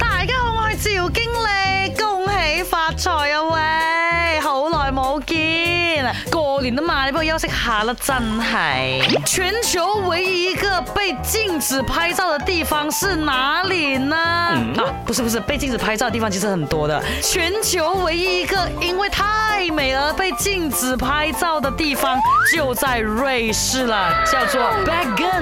大家好，我係趙經理，恭喜發財啊喂！好耐冇見，過年嘛，你幫我休息下啦真係。全球唯一一個被禁止拍照的地方是哪裡呢？嗯？啊，不是不是，被禁止拍照的地方其實很多的。全球唯一一個因為太美而被禁止拍照的地方就在瑞士了，叫做、Bagan。